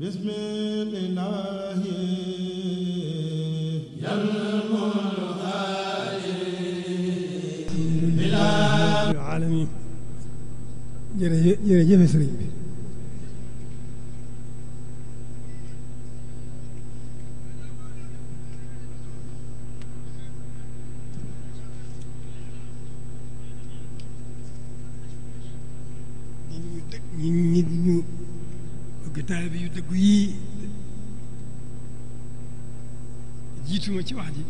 بسم الله يلم الحاج العالمين jërëjëf sëriñ bi ñi ñu bokki taalibe yu dëggu yii jiituma ci wax ji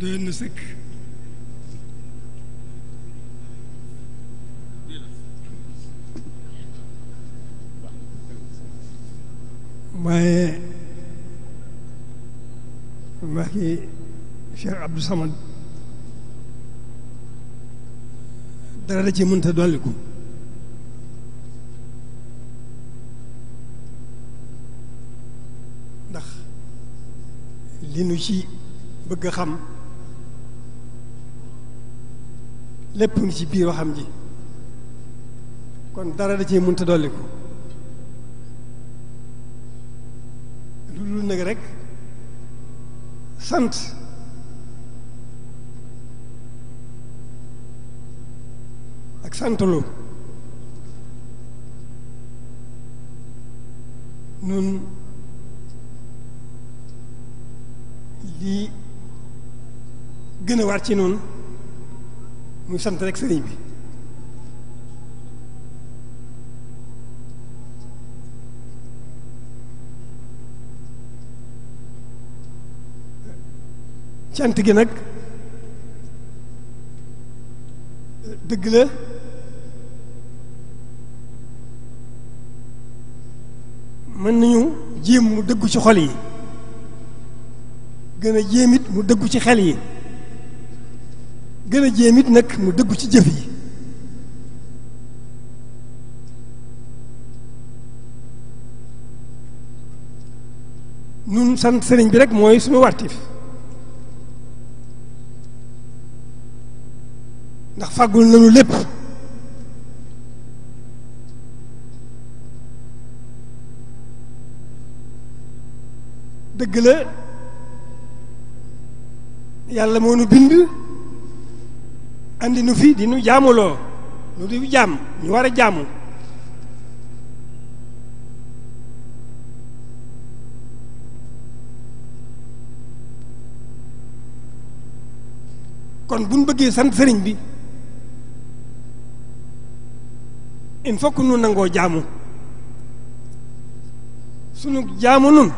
doyoon na sëkk waaye waxi Cheikh Abdou Samad dara da ci mënta dolliku li nu ci bëgg xam lépp ngi ci biir waxam ji kon dara da ci mënta dolli ko lu dul nag rek sant ak santlu nun di gën a waat ci noonu muy sant rek sëriñ bi cant gi nag dëgg la mën nañu jéem mu dëggu ci xol yi gëna jëmit mu dëggu ci xel yi gëna jëmit nak mu dëggu ci jëf yi nun sant sëriñ bi rek mooy suñu wartif ndax fàggul nañu lépp dëgg la yàlla moo nu bind andi nu fi dinu nu jaamuloo nu di jaam ñu war jaamu kon bu bëggee sant sëriñ bi il faut que nu nangoo jaamu sunu jaamu nun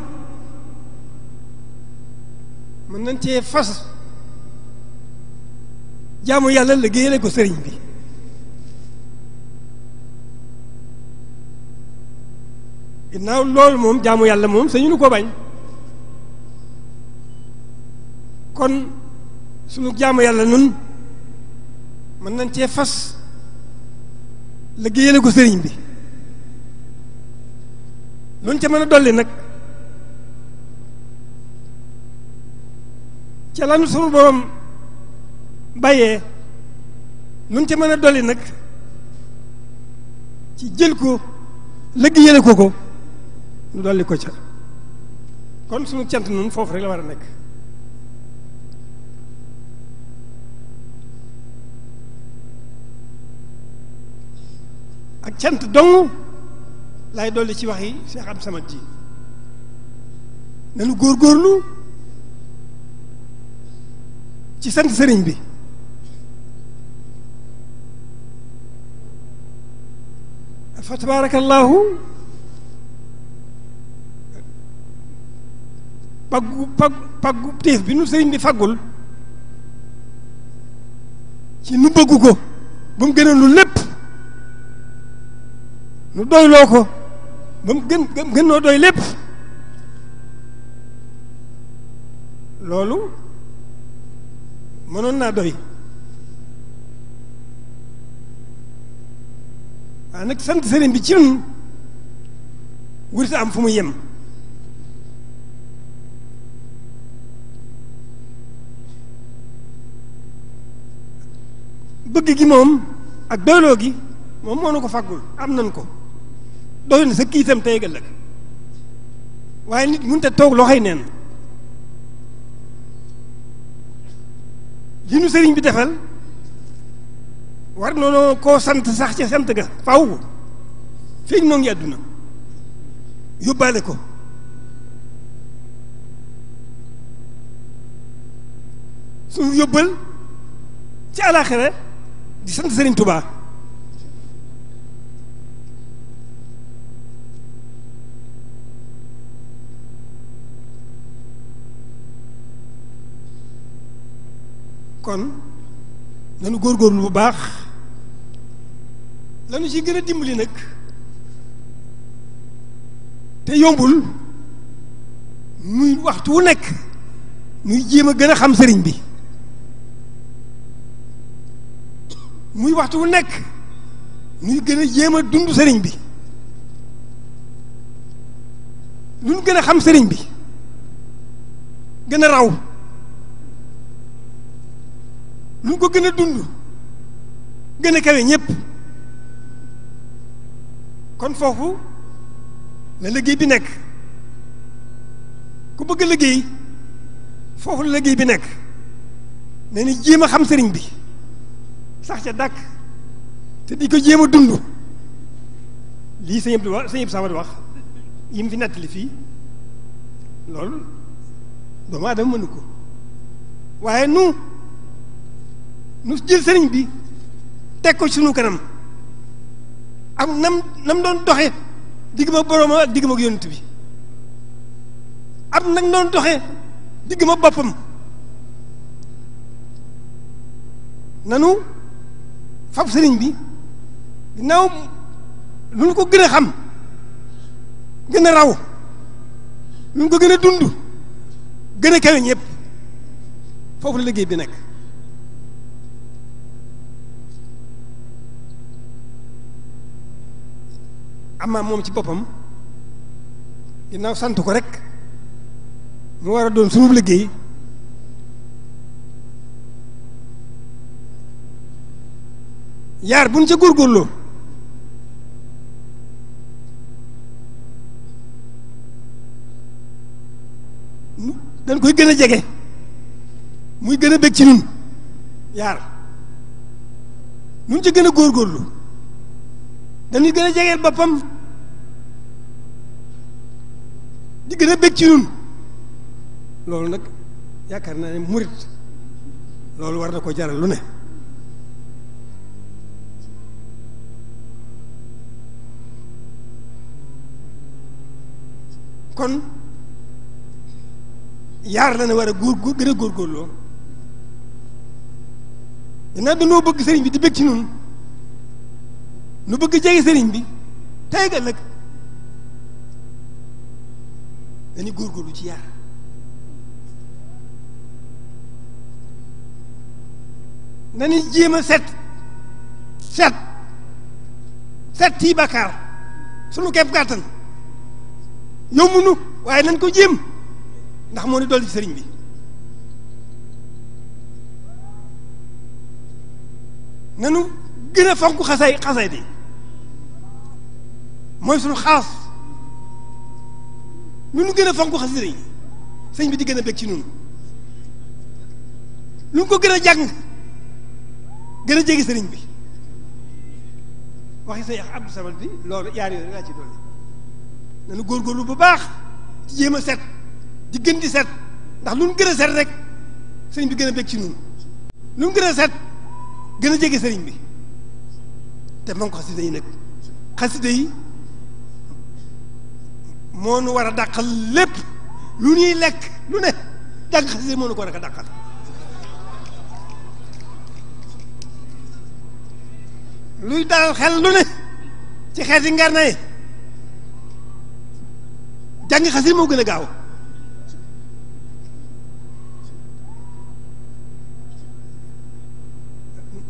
mën nañ cee fas jaamu yàlla liggéeyale ko sëriñ bi ginnaaw loolu moom jaamu yàlla moom sañu nu ko bañ kon sunu jaamu yàlla nun mën nañ cee fas liggéeyale ko sëriñ bi luñ ca mën a dolli nag ca lanu sunu borom bayee nun ca mën a dolli nag ci jël ko liggéeyale ko ko nu dolli ko ca kon sunu cant nun foofu rek la war a nekk ak cant dong lay dolli ci wax yi Cheikh Abdou Samad ji góor góorlu ci sant sëriñ bi fa tabaarakallaahu paggu paggu paggu téef bi nu sëriñ bi faggul ci nu bëggu ko ba mu gënal lépp nu doyloo ko ba mu gën ba mu gën noo doy lépp loolu mënoon naa doy waaw nag sant sëriñ bi ci nun wurti am fu mu yem bëgg gi moom ak doyloo gi moom moo nu ko faggul am nan ko doy na sa kiitam tey ëllëg waaye nit mënut a toog loxoy neen li sëriñ bi defal war noonu ko sant sax ca sant ga faw feeñ moo ngi àdduna yóbbaale ko suñu yóbbal ci alaaxira di sant Sëriñ Tubaa kon nanu góorgóorlu bu baax lañu ci gën a dimbali nag te yombul muy waxtu wu nekk muy jéem a gën a xam sëriñ bi muy waxtu wu nekk muy gën a jéem a dund sëriñ bi lu gën a xam sëriñ bi gën a raw lu ñu ko gën a dund gën a kawe ñëpp kon foofu la liggéey bi nekk ku bëgg liggéey foofu la liggéey bi nekk na ni jéem a xam sëriñ bi sax ca dàkk te di ko jéem a dund lii sëñ Abdou wax sëñ Abdou Samad wax yi mu fi nettali fii loolu doomu aadama mënu ko waaye nu nu jël sëriñ bi teg ko sunu kanam ak nam nam doon doxee digg ma boroomam digg ma yonent bi ak nag doon doxee digg ma boppam nanu fab sëriñ bi ginnaaw lu ñu ko gën xam gën raw lu ko gën a dund gën a kawe ñëpp foofu nekk amaa moom ci boppam dina sant ko rek mu war a doon sunu liggéey yaar buñ ca góorgóorloo dañ koy gën a jege muy gën a bég ci nun yaar nun ca gën a góorgóorlu dañuy gën a jegeel boppam di gën a bég ci ñun loolu nag yaakaar naa ne murit loolu war na ko jaral lu ne kon yaar la ne war a góor góor gën a góorgóorloo danaa danoo bëgg sëriñ bi di bég ci ñun nu bëgg jege sëriñ bi tey ëllëg dañu góorgóorlu ci yar nañu jéem a set set set yi bàkkaar sunu képp kàttan yomb waaye nañ ko jéem ndax moo ni dolli ci sëriñ bi nanu gën a fonk xasay xasay bi mooy sunu xaas lu gën a fonk xasida yi sëñ bi di gën a bég ci ñun lu ko gën a jàng gën a jege sëriñ bi waxi sëñ Abdou Samad bi loolu yaar yooyu laa ci dolli nanu góorgóorlu bu baax ci jéem a set di set ndax lu ñu gën a set rek sëriñ bi gën a bég ci ñun lu gën a set gën a jege sëriñ bi te man ko xasida yi nag xasida yi moo nu war lépp lu ñuy lekk lu ne jàng xasida moo ko war a luy dalal xel lu ne ci xeeti ngar na yi jàng xasida moo gën gaaw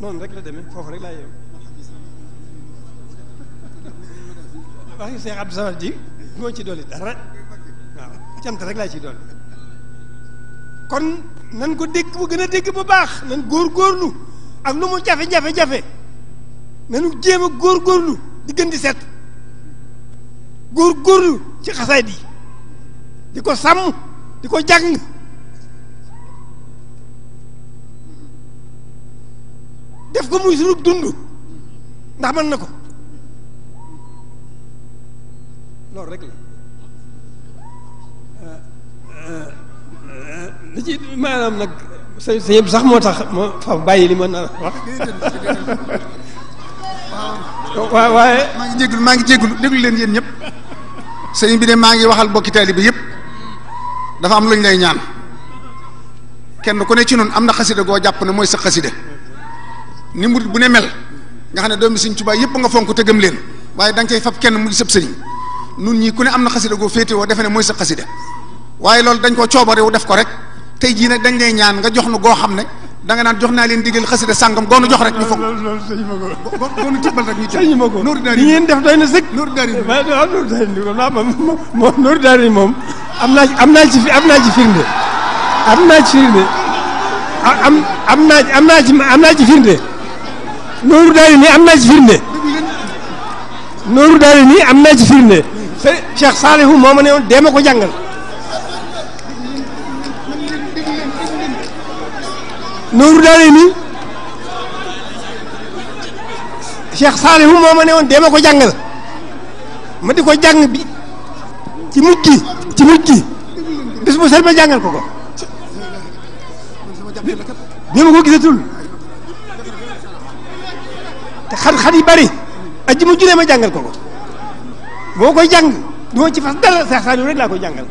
noonu rek la demee foofu rek laa yem doo ci dolli dara rek laa ci dolli kon nan ko dégg bu gën dégg bu baax nan góorgóorlu ak lu mu jafe-jafe-jafe nanu jéem a góorgóorlu di diggan di set góorgóorlu ci xasaayid yi di ko sàmm di ko jàng def ko mu sunub dund ndax mën na ko loolu rek la li nag sa sa yëpp sax moo tax ma fa bàyyi li ma nar wax. waaye. maa ngi jégalu maa ngi jégalu déglu leen yéen ñëpp sëriñ bi ne maa ngi waxal bokki bi yëpp dafa am lu ñu ñaan kenn ku ne ci noonu am na xasida goo jàpp na mooy sa xasida ni murit bu ne mel nga xam ne doomi Sëriñ tubaay yëpp nga fonk te gëm leen waaye da nga cay fab kenn mu di sëb nun ñi ku ne am na xasida goo féete woo defe ne mooy sa xasida waaye loolu dañ ko coobarewu def ko rek tey jii nag dañ lay ñaan nga jox nu goo xam ne danga naan jox naa leen digal xasida sàngam goonu jox rek ñu foog loolu sëñ ma ko goonu tibbal rek ñu sëñ ma ko nooru daari yi ngeen def doy na sëkk nooru daari nooru daari moom nooru daari moom am naa am naa ci am naa ci firnde am naa ci firnde am am naa am naa ci am naa ci firnde nooru daari nii am naa ci firnde nooru daari nii am naa ci firnde sëriñ Cheikh Saalihu moo ma ne woon ko jàngal nooru daale ni Cheikh Saalihu moo ma ne ma ko jàngal ma di ko jàng bi ci mujj gi ci mujj gi bis bu ma jàngal ko ko bi ma ko gisatul te xat xat yi bari aji mu juree ma jàngal ko ko boo koy jàng doo ci fas dara Cheikh Saliou rek laa koy jàngal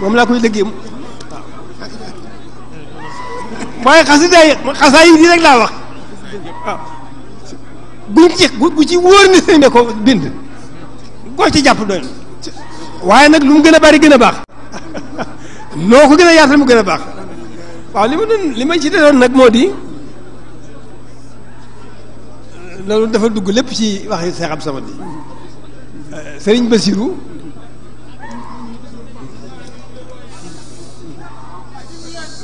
moom laa koy lëggee waaw waaye xasida yi xasaa yi rek laa wax waaw buñ ci bu ci wóor ni sëñ bi ko bind koo ci jàpp waaye nag lu gën a bari gën a baax loo ko gën a yaatal mu gën a baax waaw li ma doon li ma ci doon nag moo di loolu dafa dugg lépp ci wax Cheikh Abdou Samad sëriñ Basiru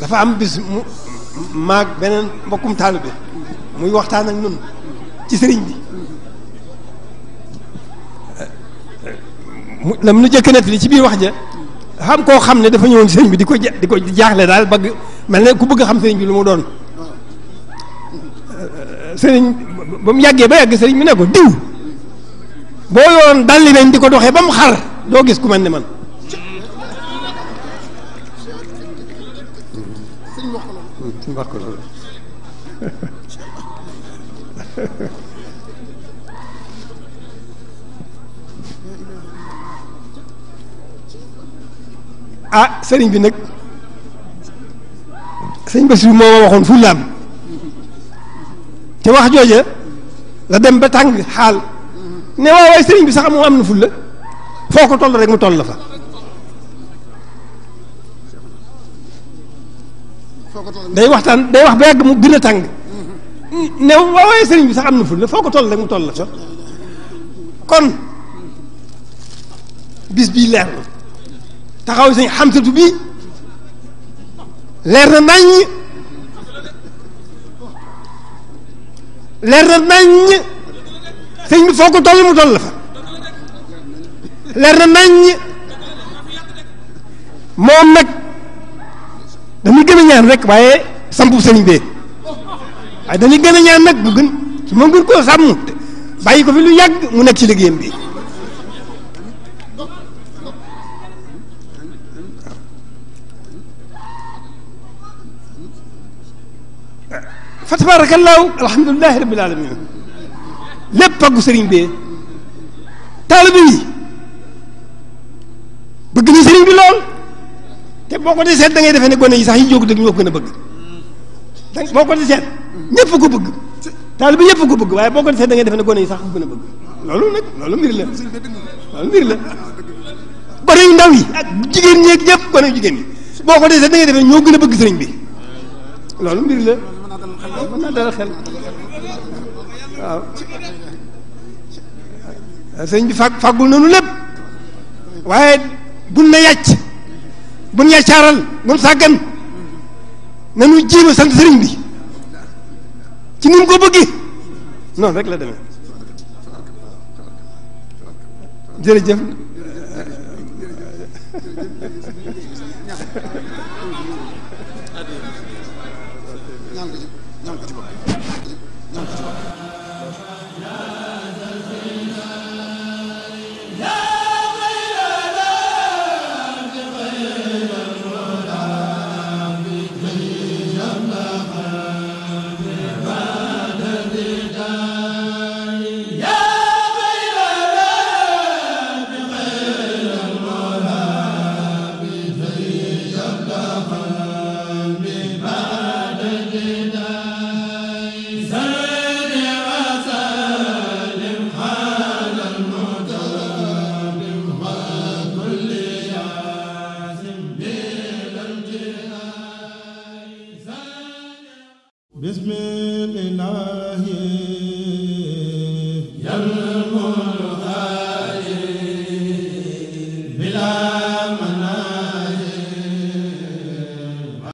dafa am bis mu maag beneen mbokkum taalibe muy waxtaan ak nun ci sëriñ bi mu lam nu jëkk nett li ci biir wax ja xam koo xam ne dafa ñëwoon sëriñ bi di ko di ko jaaxle daal bëgg mel ne ku bëgg xam sëriñ bi lu mu doon sëriñ ba mu yàggee ba yàgg sëriñ bi ne ko diw bo yoon dalli nañ di ko doxee ba xar do gis ku melni man ah sering bi sering serigne Bassirou mo waxon fulam ci wax jooja la dem ba tang hal ne waaw sëriñ bi sax mu am na ful la foo ko toll rek mu toll la fa. day waxtaan day wax ba yàgg mu gën a tàng ne waaw sëriñ bi sax am na ful la foo ko toll rek mu toll la fa kon bis bii leer na taxaw sañ xamsatu bii leer na naññ leer na naññ. sëñ bi foo ko toll mu toll la fa leer na nañ moom nag dañuy gën a ñaan rek waaye sampu sëriñ bee waaye dañuy gën a ñaan nag bu gën su koo sàmm bàyyi ko fi lu yàgg mu nekk ci liggéeyam bi fa tabaarakallaahu alhamdulilahi rabbil alamin lépp pàggu sëriñ bee taalibe yi bëgg na sëriñ bi lool te boo ko di seet da ngay defee ne gone yi sax yi jóg dëgg ñoo ko gën a bëgg da boo ko di seet ñëpp ko bëgg taalibe ko bëgg waaye boo ko di da ngay defee ne gone yi sax ko a bëgg loolu nag loolu mbir la loolu mbir gone yu ndaw yi ak jigéen ñeeg ñëpp gone yu jigéen ñi boo ko di seet da ngay defee ñoo gën a bëgg sëriñ bi loolu mbir la mën naa dalal waaw sëñ bi fag faggul nanu lépp waaye bun na yàcc bun yàccaaral bun sàggan nanu jiima sant sëriñ bi ci ni mu bëggi noonu rek la demee jërëjëf ñaan